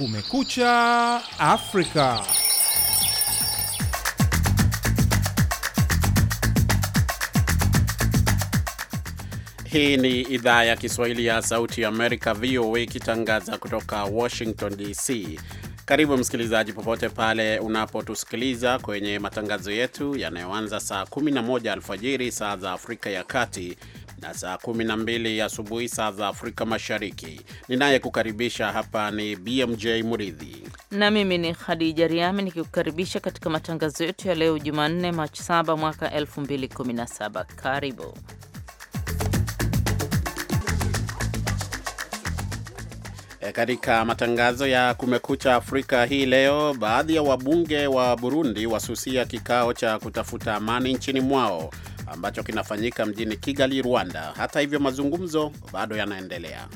Kumekucha Afrika. Hii ni idhaa ya Kiswahili ya Sauti ya Amerika, VOA, ikitangaza kutoka Washington DC. Karibu msikilizaji, popote pale unapotusikiliza kwenye matangazo yetu yanayoanza saa 11 alfajiri saa za Afrika ya Kati na saa 12 asubuhi saa za Afrika Mashariki. Ninayekukaribisha hapa ni BMJ Muridhi na mimi ni Khadija Riami nikikukaribisha katika matangazo yetu ya leo Jumanne, Machi 7 mwaka 2017. Karibu E, katika matangazo ya Kumekucha Afrika hii leo, baadhi ya wabunge wa Burundi wasusia kikao cha kutafuta amani nchini mwao ambacho kinafanyika mjini Kigali, Rwanda. Hata hivyo, mazungumzo bado yanaendelea.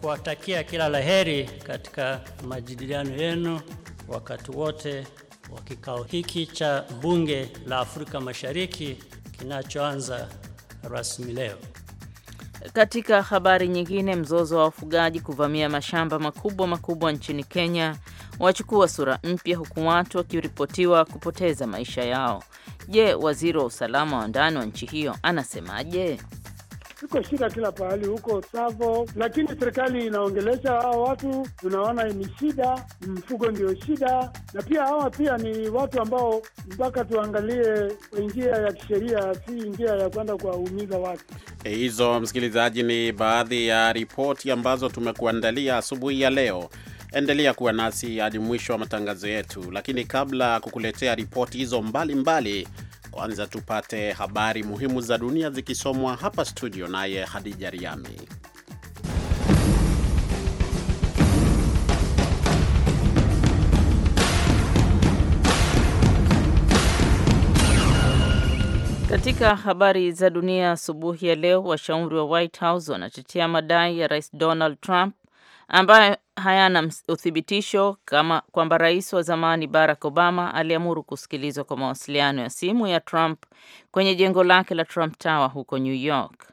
Kuwatakia kila laheri katika majadiliano yenu wakati wote wa kikao hiki cha bunge la Afrika Mashariki kinachoanza rasmi leo. Katika habari nyingine, mzozo wa wafugaji kuvamia mashamba makubwa makubwa nchini Kenya wachukua sura mpya, huku watu wakiripotiwa kupoteza maisha yao. Je, waziri wa usalama wa ndani wa nchi hiyo anasemaje? Iko shida kila pahali huko Tsavo, lakini serikali inaongelesha hawa watu, tunaona ni shida, mfugo ndio shida, na pia hawa pia ni watu ambao mpaka tuangalie njia ya kisheria, si njia ya kwenda kuwaumiza watu. E, hizo msikilizaji, ni baadhi ya ripoti ambazo tumekuandalia asubuhi ya leo. Endelea kuwa nasi hadi mwisho wa matangazo yetu, lakini kabla ya kukuletea ripoti hizo mbalimbali, kwanza tupate habari muhimu za dunia zikisomwa hapa studio naye Hadija Riami. Katika habari za dunia asubuhi ya leo, washauri wa White House wanatetea madai ya Rais Donald Trump ambayo hayana uthibitisho kama kwamba rais wa zamani Barack Obama aliamuru kusikilizwa kwa mawasiliano ya simu ya Trump kwenye jengo lake la Trump Tower huko New York.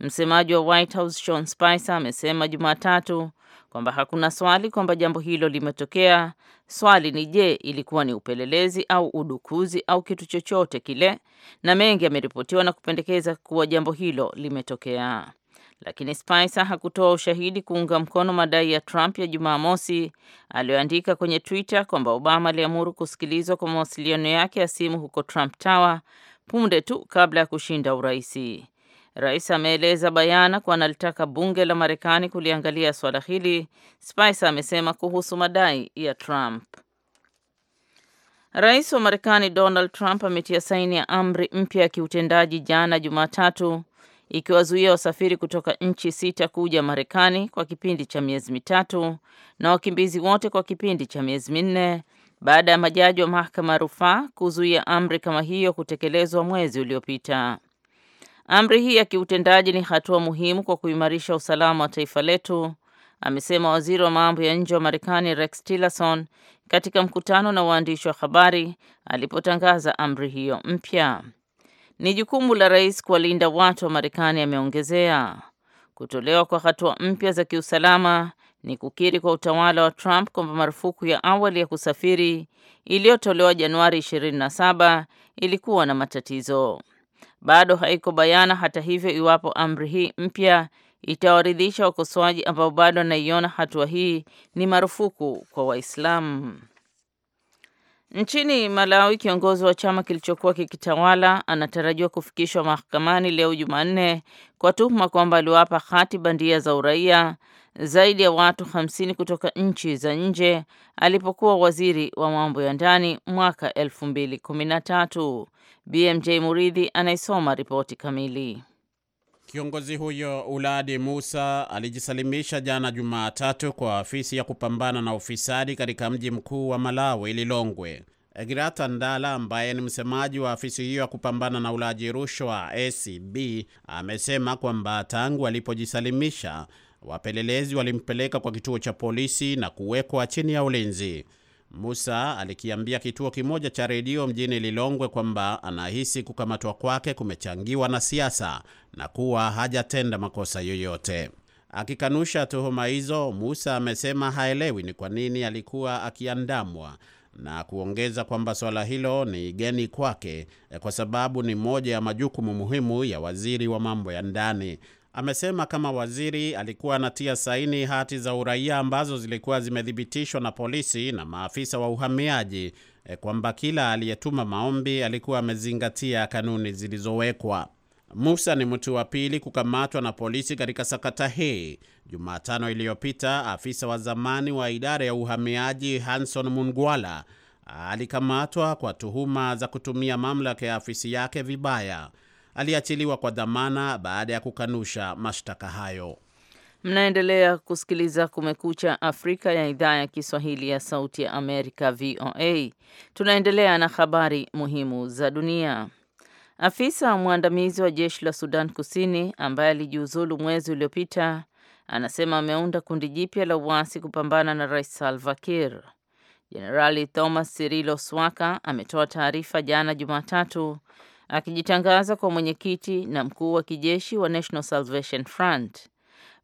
Msemaji wa White House Sean Spicer amesema Jumatatu kwamba hakuna swali kwamba jambo hilo limetokea. Swali ni je, ilikuwa ni upelelezi au udukuzi au kitu chochote kile, na mengi yameripotiwa na kupendekeza kuwa jambo hilo limetokea lakini Spicer hakutoa ushahidi kuunga mkono madai ya Trump ya Jumamosi aliyoandika kwenye Twitter kwamba Obama aliamuru kusikilizwa kwa mawasiliano yake ya simu huko Trump Tower punde tu kabla ya kushinda uraisi. Rais ameeleza bayana kuwa analitaka bunge la Marekani kuliangalia swala hili, Spicer amesema kuhusu madai ya Trump. Rais wa Marekani Donald Trump ametia saini ya amri mpya ya kiutendaji jana Jumatatu ikiwazuia wasafiri kutoka nchi sita kuja Marekani kwa kipindi cha miezi mitatu na wakimbizi wote kwa kipindi cha miezi minne baada ya majaji wa mahakama ya rufaa kuzuia amri kama hiyo kutekelezwa mwezi uliopita. Amri hii ya kiutendaji ni hatua muhimu kwa kuimarisha usalama wa taifa letu, amesema waziri wa mambo ya nje wa Marekani Rex Tillerson katika mkutano na waandishi wa habari alipotangaza amri hiyo mpya. Ni jukumu la rais kuwalinda watu wa Marekani, ameongezea. Kutolewa kwa hatua mpya za kiusalama ni kukiri kwa utawala wa Trump kwamba marufuku ya awali ya kusafiri iliyotolewa Januari 27 ilikuwa na matatizo. Bado haiko bayana hata hivyo iwapo amri hii mpya itawaridhisha wakosoaji ambao bado wanaiona hatua hii ni marufuku kwa Waislamu. Nchini Malawi, kiongozi wa chama kilichokuwa kikitawala anatarajiwa kufikishwa mahakamani leo Jumanne kwa tuhuma kwamba aliwapa hati bandia za uraia zaidi ya watu hamsini kutoka nchi za nje alipokuwa waziri wa mambo ya ndani mwaka 2013. BMJ Muridhi anaisoma ripoti kamili. Kiongozi huyo Uladi Musa alijisalimisha jana Jumatatu kwa afisi ya kupambana na ufisadi katika mji mkuu wa Malawi, Lilongwe. egrata Ndala ambaye ni msemaji wa afisi hiyo ya kupambana na ulaji rushwa ACB amesema kwamba tangu alipojisalimisha wapelelezi walimpeleka kwa kituo cha polisi na kuwekwa chini ya ulinzi. Musa alikiambia kituo kimoja cha redio mjini Lilongwe kwamba anahisi kukamatwa kwake kumechangiwa na siasa na kuwa hajatenda makosa yoyote. Akikanusha tuhuma hizo, Musa amesema haelewi ni kwa nini alikuwa akiandamwa na kuongeza kwamba swala hilo ni geni kwake kwa sababu ni moja ya majukumu muhimu ya waziri wa mambo ya ndani amesema kama waziri alikuwa anatia saini hati za uraia ambazo zilikuwa zimethibitishwa na polisi na maafisa wa uhamiaji e, kwamba kila aliyetuma maombi alikuwa amezingatia kanuni zilizowekwa. Musa ni mtu wa pili kukamatwa na polisi katika sakata hii. Jumatano iliyopita, afisa wa zamani wa idara ya uhamiaji Hanson Mungwala alikamatwa kwa tuhuma za kutumia mamlaka ya afisi yake vibaya aliachiliwa kwa dhamana baada ya kukanusha mashtaka hayo. Mnaendelea kusikiliza Kumekucha Afrika ya idhaa ya Kiswahili ya Sauti ya Amerika, VOA. Tunaendelea na habari muhimu za dunia. Afisa mwandamizi wa jeshi la Sudan Kusini ambaye alijiuzulu mwezi uliopita anasema ameunda kundi jipya la uasi kupambana na Rais Salva Kiir. Jenerali Thomas Sirilo Swaka ametoa taarifa jana Jumatatu akijitangaza kwa mwenyekiti na mkuu wa kijeshi wa National Salvation Front.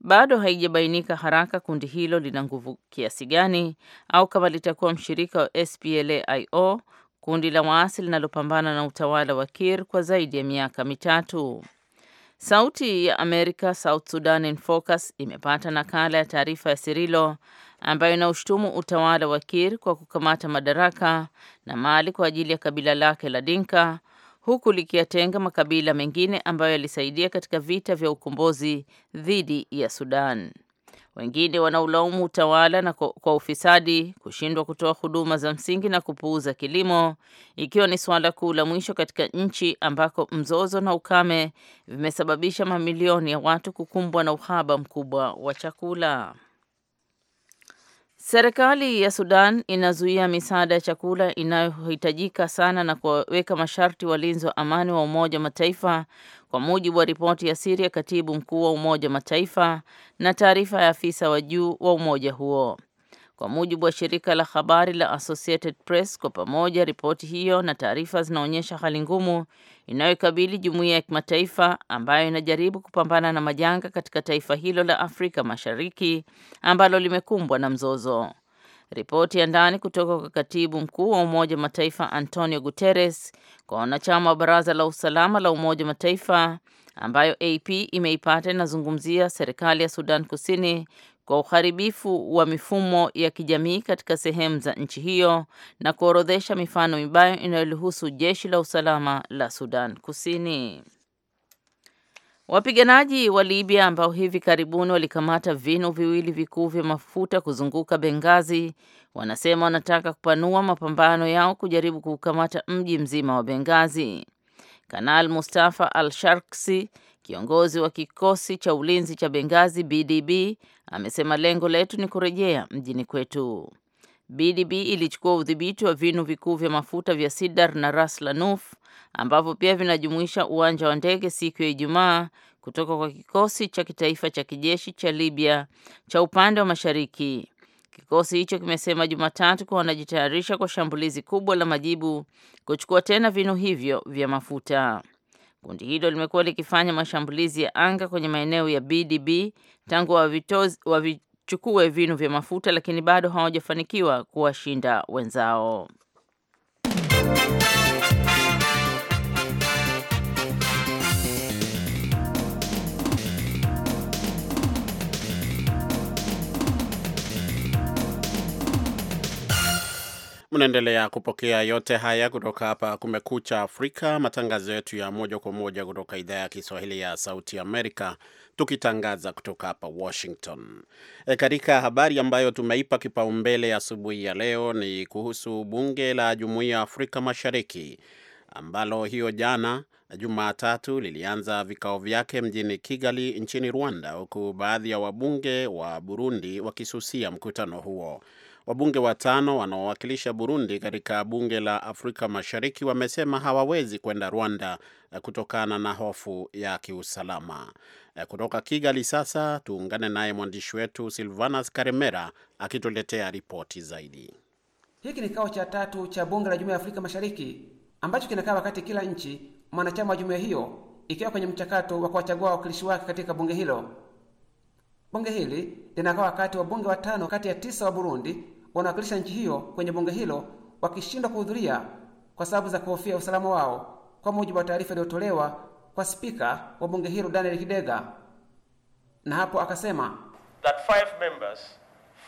Bado haijabainika haraka kundi hilo lina nguvu kiasi gani au kama litakuwa mshirika wa SPLA-IO, kundi la waasi linalopambana na utawala wa Kir kwa zaidi ya miaka mitatu. Sauti ya Amerika South Sudan in Focus imepata nakala ya taarifa ya Sirilo ambayo inaushutumu utawala wa Kir kwa kukamata madaraka na mali kwa ajili ya kabila lake la Dinka huku likiyatenga makabila mengine ambayo yalisaidia katika vita vya ukombozi dhidi ya Sudan. Wengine wanaulaumu utawala na kwa ufisadi, kushindwa kutoa huduma za msingi na kupuuza kilimo, ikiwa ni suala kuu la mwisho katika nchi ambako mzozo na ukame vimesababisha mamilioni ya watu kukumbwa na uhaba mkubwa wa chakula. Serikali ya Sudan inazuia misaada ya chakula inayohitajika sana na kuwaweka masharti walinzi wa amani wa Umoja wa Mataifa kwa mujibu wa ripoti ya siri ya katibu mkuu wa Umoja wa Mataifa na taarifa ya afisa wa juu wa umoja huo. Kwa mujibu wa shirika la habari la Associated Press, kwa pamoja ripoti hiyo na taarifa zinaonyesha hali ngumu inayokabili jumuiya ya kimataifa ambayo inajaribu kupambana na majanga katika taifa hilo la Afrika Mashariki ambalo limekumbwa na mzozo. Ripoti ya ndani kutoka kwa Katibu Mkuu wa Umoja wa Mataifa Antonio Guterres kwa wanachama wa Baraza la Usalama la Umoja wa Mataifa ambayo AP imeipata inazungumzia serikali ya Sudan Kusini kwa uharibifu wa mifumo ya kijamii katika sehemu za nchi hiyo na kuorodhesha mifano mibaya inayolihusu jeshi la usalama la Sudan Kusini. Wapiganaji wa Libya ambao hivi karibuni walikamata vinu viwili vikuu vya mafuta kuzunguka Bengazi wanasema wanataka kupanua mapambano yao kujaribu kukamata mji mzima wa Bengazi. Kanal Mustafa Al-Sharksi Kiongozi wa kikosi cha ulinzi cha bengazi BDB amesema lengo letu ni kurejea mjini kwetu. BDB ilichukua udhibiti wa vinu vikuu vya mafuta vya Sidar na Ras Lanuf ambavyo pia vinajumuisha uwanja wa ndege siku ya Ijumaa kutoka kwa kikosi cha kitaifa cha kijeshi cha Libya cha upande wa mashariki. Kikosi hicho kimesema Jumatatu kuwa wanajitayarisha kwa shambulizi kubwa la majibu kuchukua tena vinu hivyo vya mafuta. Kundi hilo limekuwa likifanya mashambulizi ya anga kwenye maeneo ya BDB tangu wavichukue vinu vya mafuta, lakini bado hawajafanikiwa kuwashinda wenzao. Mnaendelea kupokea yote haya kutoka hapa Kumekucha Afrika, matangazo yetu ya moja kwa moja kutoka idhaa ya Kiswahili ya Sauti Amerika, tukitangaza kutoka hapa Washington. E, katika habari ambayo tumeipa kipaumbele asubuhi ya, ya leo ni kuhusu bunge la Jumuiya ya Afrika Mashariki ambalo hiyo jana Jumatatu lilianza vikao vyake mjini Kigali nchini Rwanda, huku baadhi ya wabunge wa Burundi wakisusia mkutano huo. Wabunge watano wanaowakilisha Burundi katika bunge la Afrika Mashariki wamesema hawawezi kwenda Rwanda eh, kutokana na hofu ya kiusalama. Eh, kutoka Kigali sasa tuungane naye mwandishi wetu Silvanas Karemera akituletea ripoti zaidi. Hiki ni kikao cha tatu cha bunge la Jumuiya ya Afrika Mashariki ambacho kinakaa wakati kila nchi mwanachama wa jumuiya hiyo ikiwa kwenye mchakato wa kuwachagua wawakilishi wake katika bunge hilo. Bunge hili linakaa wakati wa bunge watano kati ya tisa wa Burundi wanawakilisha nchi hiyo kwenye bunge hilo wakishindwa kuhudhuria kwa sababu za kuhofia usalama wao, kwa mujibu wa taarifa iliyotolewa kwa spika wa bunge hilo Daniel Kidega. Na hapo akasema That five members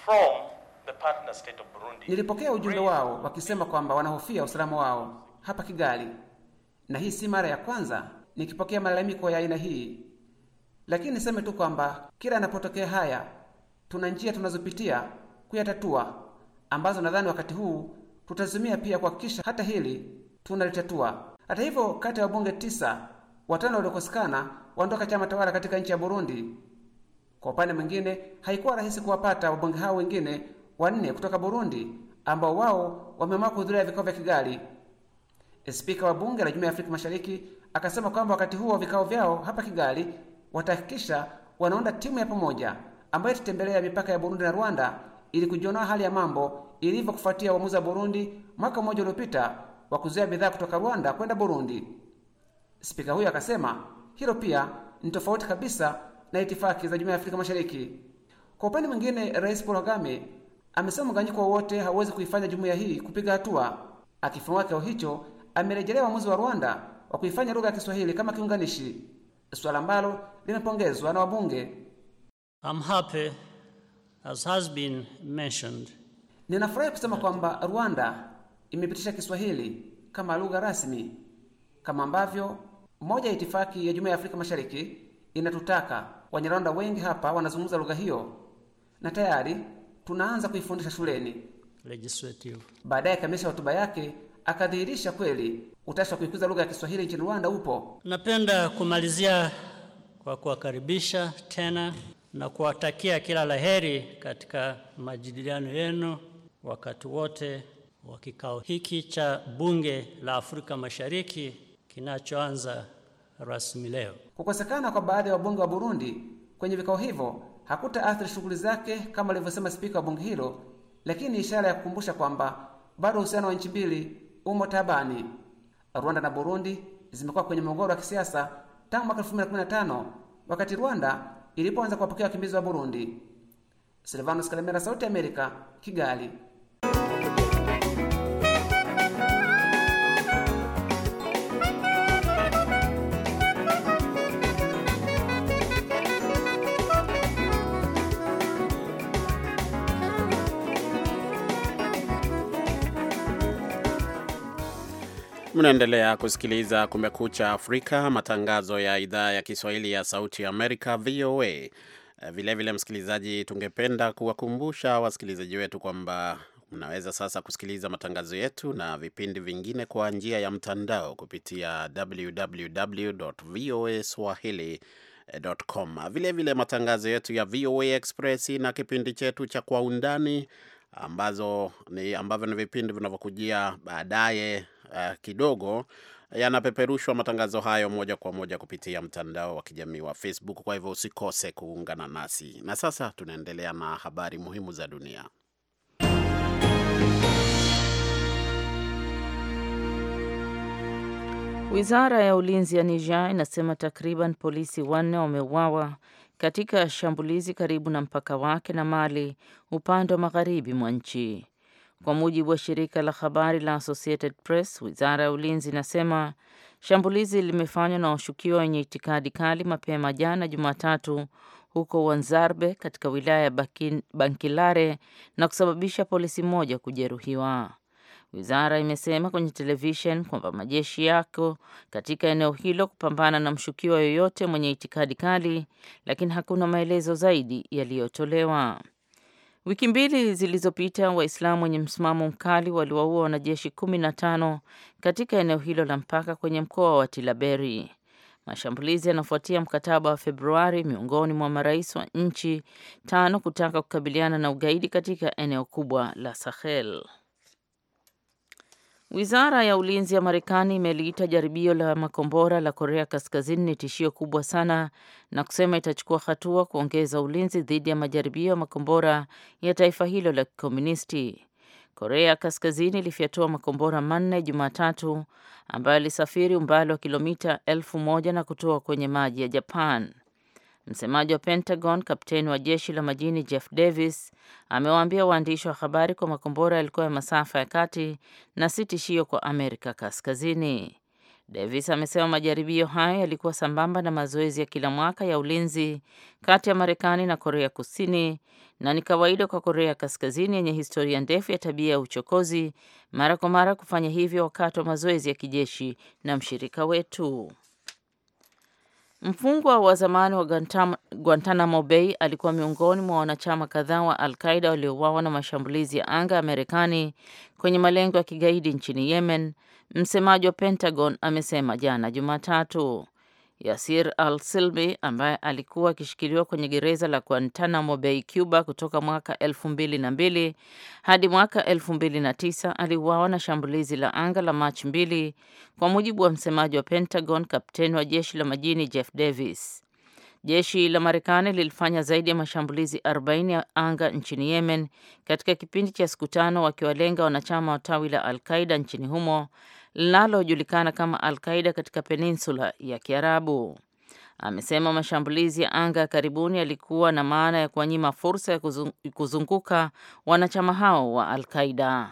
from the partner state of Burundi, nilipokea ujumbe wao wakisema kwamba wanahofia usalama wao hapa Kigali, na hii si mara ya kwanza nikipokea malalamiko ya aina hii, lakini niseme tu kwamba kila anapotokea haya, tuna njia tunazopitia kuyatatua ambazo nadhani wakati huu tutazimia pia kuhakikisha hata hili tunalitatua. Hata hivyo, kati ya wabunge tisa, watano waliokosekana waondoka chama tawala katika nchi ya Burundi. Kwa upande mwingine, haikuwa rahisi kuwapata wabunge hao wengine wanne kutoka Burundi ambao wao wameamua kuhudhuria vikao vya Kigali. Spika wa bunge la Jumuiya ya Afrika Mashariki akasema kwamba wakati huo vikao vyao hapa Kigali watahakikisha wanaunda timu ya pamoja ambayo itatembelea mipaka ya Burundi na Rwanda ili kujionoa hali ya mambo ilivyo kufuatia uamuzi wa Burundi mwaka mmoja uliopita wa kuzuia bidhaa kutoka Rwanda kwenda Burundi. Spika huyo akasema hilo pia ni tofauti kabisa na itifaki za Jumuiya ya Afrika Mashariki. Kwa upande mwingine, Rais Paul Kagame amesema mgawanyiko wowote hauwezi kuifanya jumuiya hii kupiga hatua. Akifunua kikao hicho, amerejelea uamuzi wa Rwanda wa kuifanya lugha ya Kiswahili kama kiunganishi, swala ambalo limepongezwa na wabunge. I'm happy As has been mentioned, ninafurahi kusema kwamba Rwanda imepitisha Kiswahili kama lugha rasmi kama ambavyo moja ya itifaki ya Jumuiya ya Afrika Mashariki inatutaka. Wanyarwanda wengi hapa wanazungumza lugha hiyo na tayari tunaanza kuifundisha shuleni. Legislative. Baadaye kamilisha hotuba yake akadhihirisha kweli utashi wa kuikuza lugha ya Kiswahili nchini Rwanda upo. Napenda kumalizia kwa kuwakaribisha tena na kuwatakia kila laheri katika majadiliano yenu wakati wote wa kikao hiki cha Bunge la Afrika Mashariki kinachoanza rasmi leo. Kukosekana kwa baadhi ya wabunge wa Burundi kwenye vikao hivyo hakutaathiri shughuli zake kama alivyosema spika wa bunge hilo, lakini ishara ya kukumbusha kwamba bado uhusiano wa nchi mbili umo tabani. Rwanda na Burundi zimekuwa kwenye mgogoro wa kisiasa tangu mwaka 2015 wakati Rwanda ilipoanza kuwapokea wakimbizi wa Burundi. Silvanus Kalemera, Sauti Amerika, Kigali. Mnaendelea kusikiliza Kumekucha Afrika, matangazo ya idhaa ya Kiswahili ya Sauti ya Amerika, VOA. Vilevile vile, msikilizaji, tungependa kuwakumbusha wasikilizaji wetu kwamba mnaweza sasa kusikiliza matangazo yetu na vipindi vingine kwa njia ya mtandao kupitia www voa swahili.com. Vilevile matangazo yetu ya VOA Express na kipindi chetu cha Kwa Undani ambazo ni ambavyo ni vipindi vinavyokujia baadaye uh, kidogo yanapeperushwa matangazo hayo moja kwa moja kupitia mtandao wa kijamii wa Facebook. Kwa hivyo usikose kuungana nasi, na sasa tunaendelea na habari muhimu za dunia. Wizara ya ulinzi ya Niger inasema takriban polisi wanne wameuawa katika shambulizi karibu na mpaka wake na Mali upande wa magharibi mwa nchi. Kwa mujibu wa shirika la habari la Associated Press, wizara ya ulinzi inasema shambulizi limefanywa na washukiwa wenye itikadi kali mapema jana Jumatatu huko Wanzarbe katika wilaya ya Bankilare na kusababisha polisi mmoja kujeruhiwa. Wizara imesema kwenye televishen kwamba majeshi yako katika eneo hilo kupambana na mshukiwa yoyote mwenye itikadi kali, lakini hakuna maelezo zaidi yaliyotolewa. Wiki mbili zilizopita Waislamu wenye msimamo mkali waliwaua wanajeshi kumi na tano katika eneo hilo la mpaka kwenye mkoa wa Tilaberi. Mashambulizi yanafuatia mkataba wa Februari miongoni mwa marais wa nchi tano kutaka kukabiliana na ugaidi katika eneo kubwa la Sahel. Wizara ya ulinzi ya Marekani imeliita jaribio la makombora la Korea Kaskazini ni tishio kubwa sana na kusema itachukua hatua kuongeza ulinzi dhidi ya majaribio ya makombora ya taifa hilo la kikomunisti. Korea Kaskazini ilifyatua makombora manne Jumatatu ambayo yalisafiri umbali wa kilomita elfu moja na kutoa kwenye maji ya Japan. Msemaji wa Pentagon, kapteni wa jeshi la majini Jeff Davis amewaambia waandishi wa habari kwa makombora yalikuwa ya masafa ya kati na si tishio kwa Amerika Kaskazini. Davis amesema majaribio hayo yalikuwa sambamba na mazoezi ya kila mwaka ya ulinzi kati ya Marekani na Korea Kusini na ni kawaida kwa Korea Kaskazini yenye historia ndefu ya tabia ya uchokozi mara kwa mara kufanya hivyo wakati wa mazoezi ya kijeshi na mshirika wetu. Mfungwa wa zamani wa Guantanamo Bay alikuwa miongoni mwa wanachama kadhaa wa Al Qaida waliouawa na mashambulizi ya anga ya Marekani kwenye malengo ya kigaidi nchini Yemen, msemaji wa Pentagon amesema jana Jumatatu. Yasir al-Silbi ambaye alikuwa akishikiliwa kwenye gereza la Guantanamo Bay, Cuba kutoka mwaka elfu mbili na mbili hadi mwaka elfu mbili na tisa aliuawa na shambulizi la anga la Machi mbili, kwa mujibu wa msemaji wa Pentagon, kapteni wa jeshi la majini Jeff Davis. Jeshi la Marekani lilifanya zaidi ya mashambulizi 40 ya anga nchini Yemen katika kipindi cha siku tano wakiwalenga wanachama wa tawi la Al-Qaeda nchini humo linalojulikana kama Al-Qaida katika peninsula ya Kiarabu. Amesema mashambulizi ya anga ya karibuni yalikuwa na maana ya kuwanyima fursa ya kuzunguka wanachama hao wa Al-Qaida.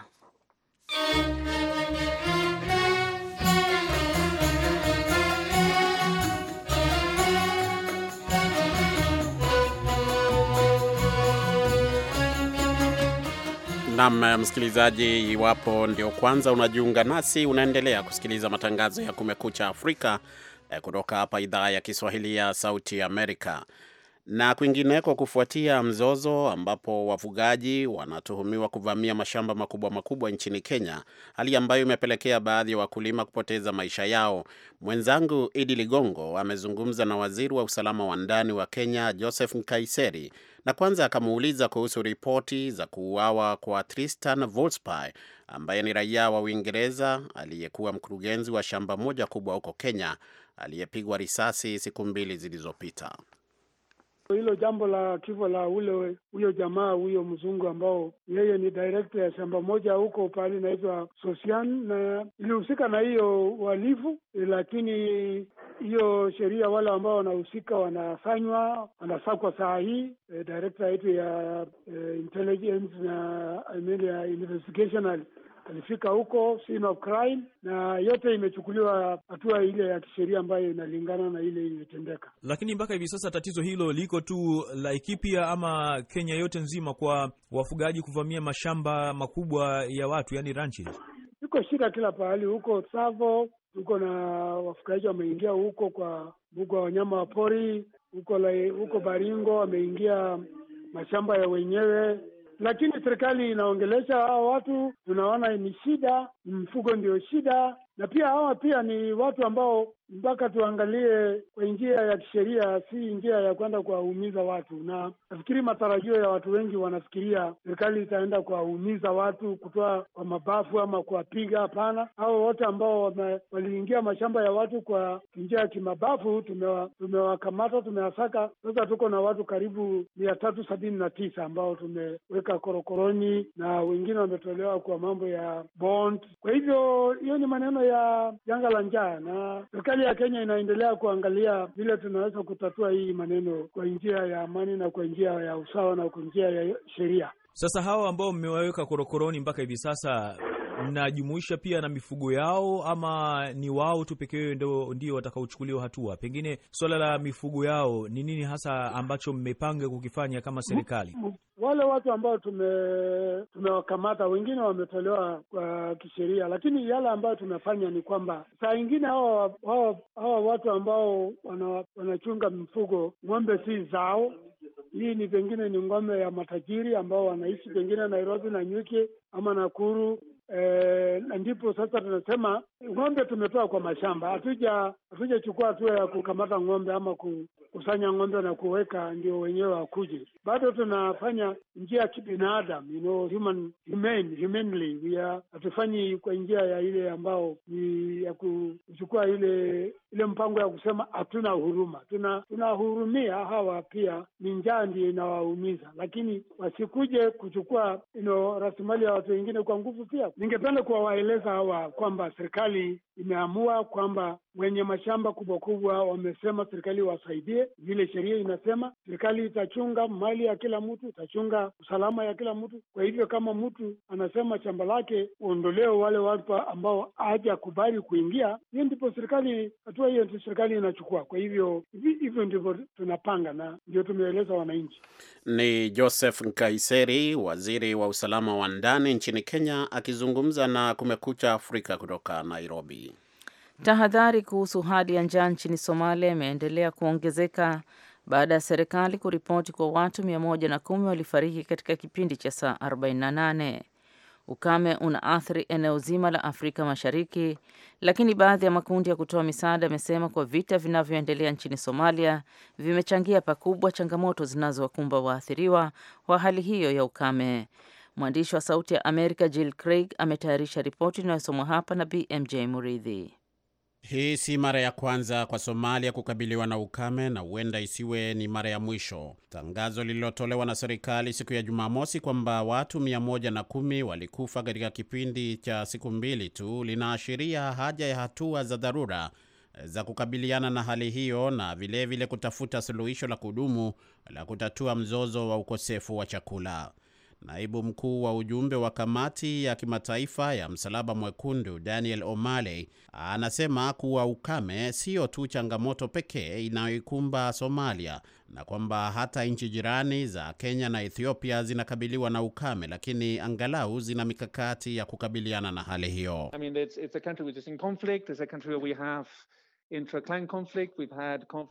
Nam msikilizaji, iwapo ndio kwanza unajiunga nasi, unaendelea kusikiliza matangazo ya Kumekucha Afrika eh, kutoka hapa idhaa ya Kiswahili ya Sauti Amerika. Na kwingineko, kufuatia mzozo ambapo wafugaji wanatuhumiwa kuvamia mashamba makubwa makubwa nchini Kenya, hali ambayo imepelekea baadhi ya wakulima kupoteza maisha yao, mwenzangu Idi Ligongo amezungumza na waziri wa usalama wa ndani wa Kenya Joseph Nkaiseri, na kwanza akamuuliza kuhusu ripoti za kuuawa kwa Tristan Volspy ambaye ni raia wa Uingereza aliyekuwa mkurugenzi wa shamba moja kubwa huko Kenya aliyepigwa risasi siku mbili zilizopita hilo jambo la kifo la ule huyo jamaa huyo mzungu ambao yeye ni director ya shamba moja huko pahali inaitwa Sosian, na ilihusika na hiyo uhalifu, eh, lakini hiyo sheria wale ambao wanahusika wanafanywa wanasakwa saa hii. E, director yetu ya e, intelligence na I mean, ya investigation alifika huko sina of na yote imechukuliwa hatua ile ya kisheria ambayo inalingana na ile imetendeka. Lakini mpaka hivi sasa tatizo hilo liko tu Laikipia ama Kenya yote nzima, kwa wafugaji kuvamia mashamba makubwa ya watu, yani ranches. Iko shida kila pahali huko Tsavo, huko na wafugaji wameingia huko kwa mbuga wa wanyama wa pori huko, huko Baringo wameingia mashamba ya wenyewe lakini serikali inaongelesha hawa watu, tunaona ni shida, mfugo ndio shida, na pia hawa pia ni watu ambao mpaka tuangalie kwa njia ya kisheria, si njia ya kwenda kuwaumiza watu. Na nafikiri matarajio ya watu wengi wanafikiria serikali itaenda kuwaumiza watu, kutoa kwa mabafu ama kuwapiga. Hapana, hao wote ambao waliingia mashamba ya watu kwa njia ya kimabafu tumewakamata, tumewasaka. Sasa tuko na watu karibu mia tatu sabini na tisa ambao tumeweka korokoroni na wengine wametolewa kwa mambo ya bond. Kwa hivyo hiyo ni maneno ya janga la njaa na serikali ya Kenya inaendelea kuangalia vile tunaweza kutatua hii maneno kwa njia ya amani na kwa njia ya usawa na kwa njia ya sheria. Sasa hawa ambao mmewaweka korokoroni mpaka hivi sasa, mnajumuisha pia na mifugo yao ama ni wao tu pekee ndio ndio watakaochukuliwa hatua? Pengine swala la mifugo yao ni nini hasa ambacho mmepanga kukifanya kama serikali? Wale watu ambao tume tumewakamata wengine wametolewa kwa uh, kisheria, lakini yale ambayo tumefanya ni kwamba saa ingine hawa, hawa, hawa watu ambao wana, wanachunga mifugo, ng'ombe si zao hii ni pengine ni ng'ombe ya matajiri ambao wanaishi pengine Nairobi na Nyuki ama Nakuru Eh, na e, ndipo sasa tunasema ng'ombe tumetoa kwa mashamba, hatuja hatujachukua hatua ya kukamata ng'ombe ama kukusanya ng'ombe na kuweka ndio wenyewe wakuje. Bado tunafanya njia ya kibinadamu, you know, human humane, humanely we are, hatufanyi kwa njia ya ile ambao ni ya kuchukua ile ile mpango ya kusema hatuna huruma. Tuna tunahurumia hawa, pia ni njaa ndio inawaumiza, lakini wasikuje kuchukua you know, rasilimali ya watu wengine kwa nguvu. Pia ningependa kuwaeleza hawa kwamba serikali serikali imeamua kwamba wenye mashamba kubwa kubwa wamesema serikali wasaidie. Vile sheria inasema, serikali itachunga mali ya kila mtu, itachunga usalama ya kila mtu. Kwa hivyo kama mtu anasema shamba lake uondolewe wale watu ambao hajakubali kuingia, hiyo ndipo serikali, hatua hiyo serikali inachukua. Kwa hivyo hivyo ndivyo tunapanga na ndio tumeeleza wananchi. Ni Joseph Nkaiseri, waziri wa usalama wa ndani nchini Kenya, akizungumza na Kumekucha Afrika kutoka na Nairobi. Tahadhari kuhusu hali ya njaa nchini Somalia imeendelea kuongezeka baada ya serikali kuripoti kwa watu 110 walifariki katika kipindi cha saa 48. Ukame unaathiri eneo zima la Afrika Mashariki, lakini baadhi ya makundi ya kutoa misaada yamesema kuwa vita vinavyoendelea nchini Somalia vimechangia pakubwa changamoto zinazowakumba waathiriwa wa hali hiyo ya ukame. Mwandishi wa Sauti ya Amerika Jill Craig ametayarisha ripoti inayosomwa hapa na BMJ Muridhi. Hii si mara ya kwanza kwa Somalia kukabiliwa na ukame na huenda isiwe ni mara ya mwisho. Tangazo lililotolewa na serikali siku ya Jumamosi kwamba watu 110 walikufa katika kipindi cha siku mbili tu linaashiria haja ya hatua za dharura za kukabiliana na hali hiyo na vilevile vile kutafuta suluhisho la kudumu la kutatua mzozo wa ukosefu wa chakula naibu mkuu wa ujumbe wa kamati ya kimataifa ya Msalaba Mwekundu Daniel O'Malley anasema kuwa ukame sio tu changamoto pekee inayoikumba Somalia na kwamba hata nchi jirani za Kenya na Ethiopia zinakabiliwa na ukame, lakini angalau zina mikakati ya kukabiliana na hali hiyo. I mean, it's, it's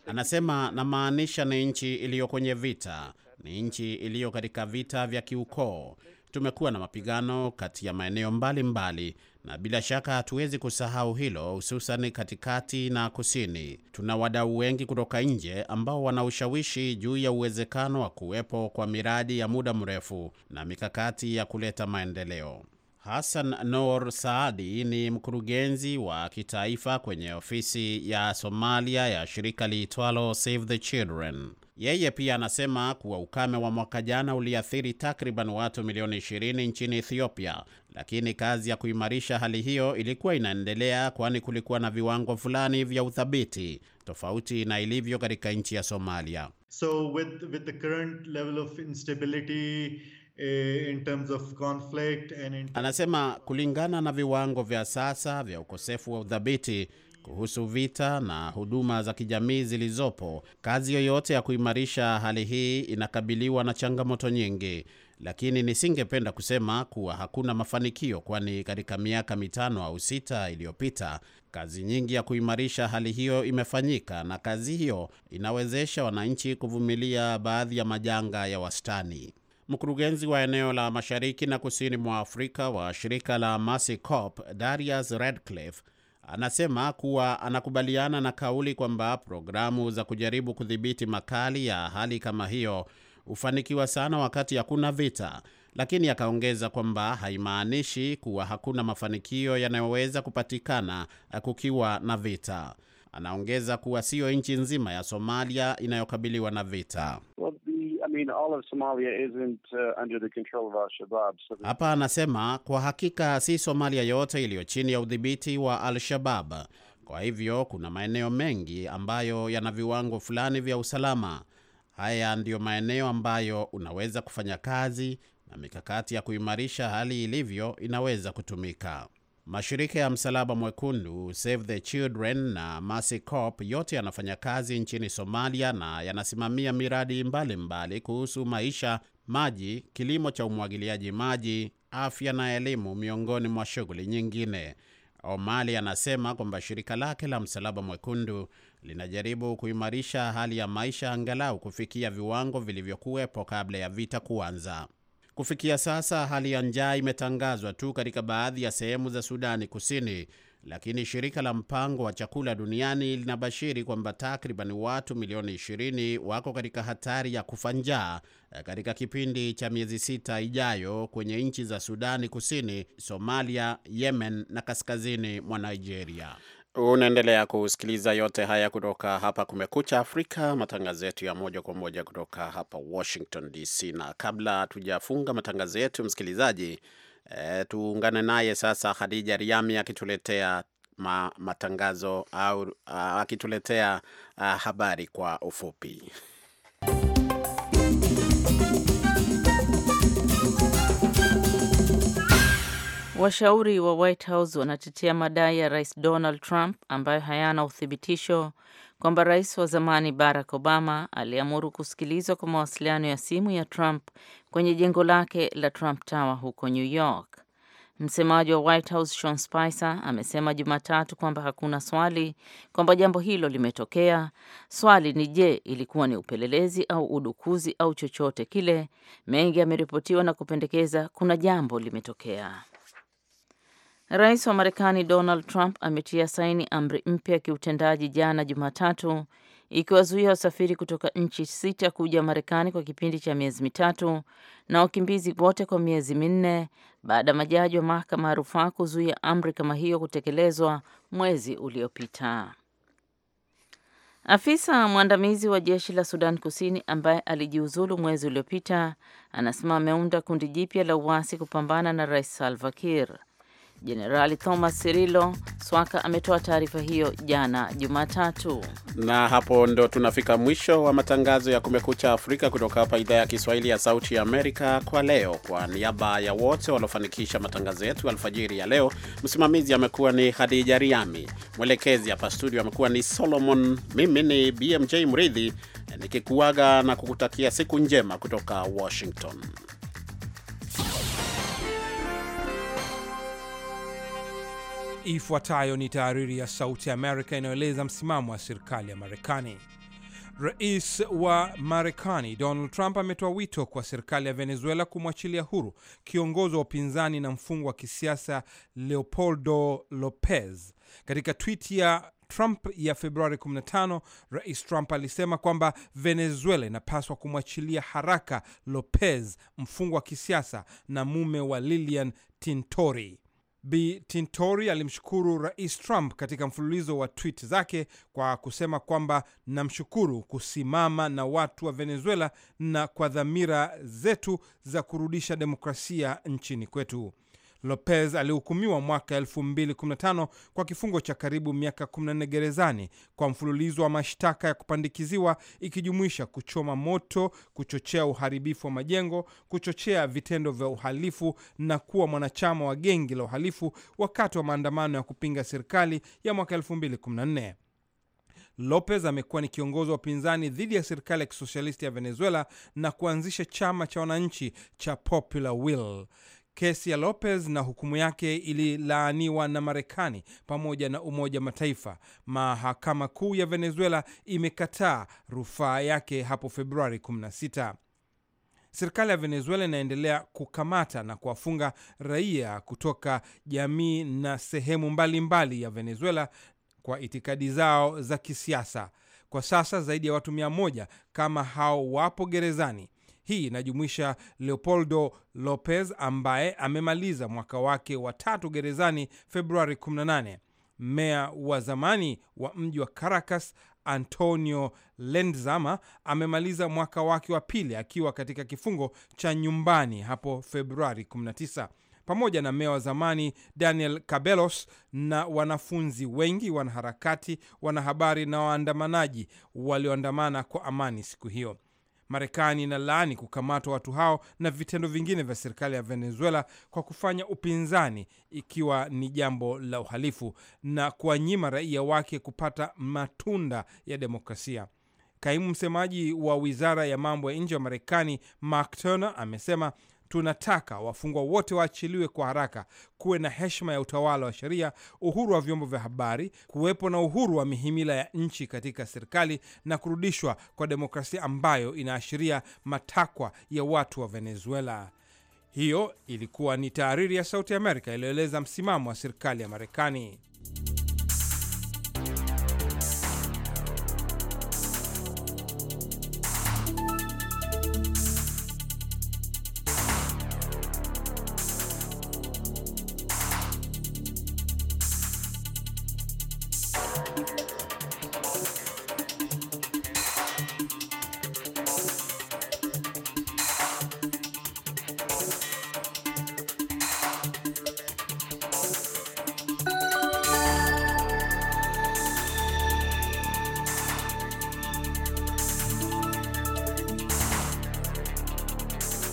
Anasema namaanisha ni nchi iliyo kwenye vita, ni nchi iliyo katika vita vya kiukoo. Tumekuwa na mapigano kati ya maeneo mbalimbali mbali, na bila shaka hatuwezi kusahau hilo, hususan katikati na kusini. Tuna wadau wengi kutoka nje ambao wana ushawishi juu ya uwezekano wa kuwepo kwa miradi ya muda mrefu na mikakati ya kuleta maendeleo. Hassan Noor Saadi ni mkurugenzi wa kitaifa kwenye ofisi ya Somalia ya shirika liitwalo Save the Children. Yeye pia anasema kuwa ukame wa mwaka jana uliathiri takriban watu milioni 20 nchini Ethiopia, lakini kazi ya kuimarisha hali hiyo ilikuwa inaendelea, kwani kulikuwa na viwango fulani vya uthabiti, tofauti na ilivyo katika nchi ya Somalia. So with, with the current level of instability Eh, in terms of conflict and in... Anasema kulingana na viwango vya sasa vya ukosefu wa udhabiti kuhusu vita na huduma za kijamii zilizopo, kazi yoyote ya kuimarisha hali hii inakabiliwa na changamoto nyingi, lakini nisingependa kusema kuwa hakuna mafanikio, kwani katika miaka mitano au sita iliyopita kazi nyingi ya kuimarisha hali hiyo imefanyika, na kazi hiyo inawezesha wananchi kuvumilia baadhi ya majanga ya wastani. Mkurugenzi wa eneo la mashariki na kusini mwa Afrika wa shirika la Mercy Corps, Darius Redcliffe, anasema kuwa anakubaliana na kauli kwamba programu za kujaribu kudhibiti makali ya hali kama hiyo hufanikiwa sana wakati hakuna vita, lakini akaongeza kwamba haimaanishi kuwa hakuna mafanikio yanayoweza kupatikana kukiwa na vita. Anaongeza kuwa siyo nchi nzima ya Somalia inayokabiliwa na vita. Hapa anasema kwa hakika si Somalia yote iliyo chini ya udhibiti wa Al-Shabab. Kwa hivyo kuna maeneo mengi ambayo yana viwango fulani vya usalama. Haya ndiyo maeneo ambayo unaweza kufanya kazi na mikakati ya kuimarisha hali ilivyo inaweza kutumika. Mashirika ya Msalaba Mwekundu, Save the Children na Mercy Corps yote yanafanya kazi nchini Somalia na yanasimamia miradi mbalimbali mbali kuhusu maisha, maji, kilimo cha umwagiliaji maji, afya na elimu, miongoni mwa shughuli nyingine. Omali anasema kwamba shirika lake la Msalaba Mwekundu linajaribu kuimarisha hali ya maisha angalau kufikia viwango vilivyokuwepo kabla ya vita kuanza. Kufikia sasa hali ya njaa imetangazwa tu katika baadhi ya sehemu za Sudani Kusini, lakini shirika la mpango wa chakula duniani linabashiri kwamba takriban watu milioni 20 wako katika hatari ya kufa njaa eh, katika kipindi cha miezi sita ijayo kwenye nchi za Sudani Kusini, Somalia, Yemen na kaskazini mwa Nigeria. Unaendelea kusikiliza yote haya kutoka hapa Kumekucha Afrika, matangazo yetu ya moja kwa moja kutoka hapa Washington DC. Na kabla hatujafunga matangazo yetu, msikilizaji, e, tuungane naye sasa Khadija Riami akituletea ma, matangazo au ah, akituletea ah, habari kwa ufupi. Washauri wa White House wanatetea madai ya Rais Donald Trump ambayo hayana uthibitisho kwamba rais wa zamani Barack Obama aliamuru kusikilizwa kwa mawasiliano ya simu ya Trump kwenye jengo lake la Trump Tower huko New York. Msemaji wa White House Sean Spicer amesema Jumatatu kwamba hakuna swali kwamba jambo hilo limetokea. Swali ni je, ilikuwa ni upelelezi au udukuzi au chochote kile? Mengi yameripotiwa na kupendekeza kuna jambo limetokea. Rais wa Marekani Donald Trump ametia saini amri mpya ya kiutendaji jana Jumatatu, ikiwazuia wasafiri kutoka nchi sita kuja Marekani kwa kipindi cha miezi mitatu na wakimbizi wote kwa miezi minne baada ya majaji wa mahakama ya rufaa kuzuia amri kama hiyo kutekelezwa mwezi uliopita. Afisa mwandamizi wa jeshi la Sudan Kusini ambaye alijiuzulu mwezi uliopita anasema ameunda kundi jipya la uasi kupambana na Rais Salva Kiir. Jenerali Thomas Sirilo Swaka ametoa taarifa hiyo jana Jumatatu. Na hapo ndo tunafika mwisho wa matangazo ya Kumekucha Afrika kutoka hapa idhaa ya Kiswahili ya Sauti ya Amerika kwa leo. Kwa niaba ya wote waliofanikisha matangazo yetu alfajiri ya leo, msimamizi amekuwa ni Hadija Riami, mwelekezi hapa studio amekuwa ni Solomon, mimi ni BMJ Mridhi nikikuaga na kukutakia siku njema kutoka Washington. Ifuatayo ni tahariri ya Sauti ya Amerika inayoeleza msimamo wa serikali ya Marekani. Rais wa Marekani Donald Trump ametoa wito kwa serikali ya Venezuela kumwachilia huru kiongozi wa upinzani na mfungwa wa kisiasa Leopoldo Lopez. Katika twiti ya Trump ya Februari 15, Rais Trump alisema kwamba Venezuela inapaswa kumwachilia haraka Lopez, mfungwa wa kisiasa na mume wa Lilian Tintori bitintori Tintori alimshukuru Rais Trump katika mfululizo wa twit zake kwa kusema kwamba namshukuru kusimama na watu wa Venezuela na kwa dhamira zetu za kurudisha demokrasia nchini kwetu. Lopez alihukumiwa mwaka 2015 kwa kifungo cha karibu miaka 14 gerezani kwa mfululizo wa mashtaka ya kupandikiziwa ikijumuisha kuchoma moto, kuchochea uharibifu wa majengo, kuchochea vitendo vya uhalifu na kuwa mwanachama wa gengi la uhalifu wakati wa maandamano ya kupinga serikali ya mwaka 2014. Lopez amekuwa ni kiongozi wa upinzani dhidi ya serikali ya kisosialisti ya Venezuela na kuanzisha chama cha wananchi cha Popular Will. Kesi ya Lopez na hukumu yake ililaaniwa na Marekani pamoja na Umoja Mataifa. Mahakama Kuu ya Venezuela imekataa rufaa yake hapo Februari 16. Serikali ya Venezuela inaendelea kukamata na kuwafunga raia kutoka jamii na sehemu mbalimbali mbali ya Venezuela kwa itikadi zao za kisiasa. Kwa sasa zaidi ya watu mia moja kama hao wapo gerezani hii inajumuisha Leopoldo Lopez ambaye amemaliza mwaka wake wa tatu gerezani Februari 18, meya wa zamani wa mji wa Caracas Antonio lendzama amemaliza mwaka wake wa pili akiwa katika kifungo cha nyumbani hapo Februari 19, pamoja na meya wa zamani Daniel Cabelos na wanafunzi wengi, wanaharakati, wanahabari na waandamanaji walioandamana kwa amani siku hiyo. Marekani inalaani kukamatwa watu hao na vitendo vingine vya serikali ya Venezuela kwa kufanya upinzani, ikiwa ni jambo la uhalifu na kuwanyima raia wake kupata matunda ya demokrasia. Kaimu msemaji wa wizara ya mambo ya nje wa Marekani Mark Turner amesema Tunataka wafungwa wote waachiliwe kwa haraka, kuwe na heshima ya utawala wa sheria, uhuru wa vyombo vya habari, kuwepo na uhuru wa mihimila ya nchi katika serikali na kurudishwa kwa demokrasia ambayo inaashiria matakwa ya watu wa Venezuela. Hiyo ilikuwa ni tahariri ya Sauti ya Amerika iliyoeleza msimamo wa serikali ya Marekani.